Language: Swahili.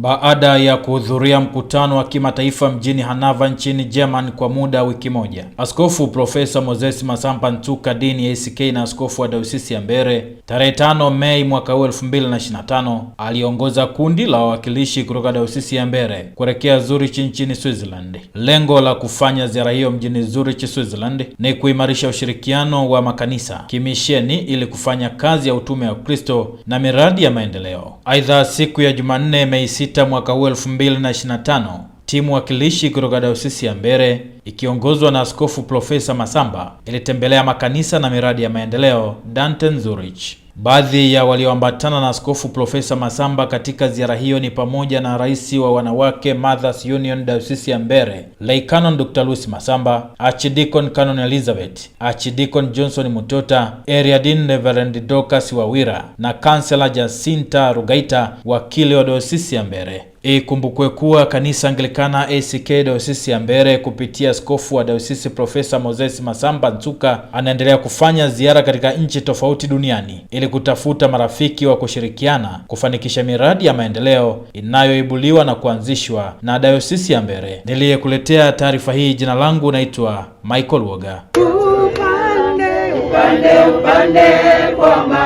Baada ya kuhudhuria mkutano wa kimataifa mjini hanava nchini German kwa muda wa wiki moja, Askofu Profesa Moses Masamba Ntuka dini ya ACK na askofu wa Dayosisi ya Mbeere, tarehe 5 Mei mwaka huu 2025, aliongoza kundi la wawakilishi kutoka Dayosisi ya Mbeere kuelekea Zurich nchini Switzerland. Lengo la kufanya ziara hiyo mjini Zurich, Switzerland ni kuimarisha ushirikiano wa makanisa kimisheni ili kufanya kazi ya utume wa Kristo na miradi ya maendeleo. Aidha, siku ya Jumanne Mei sita mwaka huu 2025, timu wakilishi kutoka Dayosisi ya Mbeere ikiongozwa na Askofu Profesa Masamba ilitembelea makanisa na miradi ya maendeleo danten Zurich. Baadhi ya walioambatana na Askofu Profesa Masamba katika ziara hiyo ni pamoja na rais wa wanawake Mothers Union Dayosisi ya Mbeere, Lay Canon Dr. Lucy Masamba, Archdeacon Canon Elizabeth, Archdeacon Johnson Mutota, Eriadin Reverend Dorcas Wawira na Kansela Jacinta Rugaita, wakili wa Dayosisi ya Mbeere. Ikumbukwe kuwa kanisa Anglikana ACK Dayosisi ya Mbeere kupitia askofu wa dayosisi Profesa Moses Masamba Ntsuka anaendelea kufanya ziara katika nchi tofauti duniani ili kutafuta marafiki wa kushirikiana kufanikisha miradi ya maendeleo inayoibuliwa na kuanzishwa na dayosisi ya Mbeere. Niliyekuletea taarifa hii, jina langu naitwa Michael Woga. upande, upande, upande,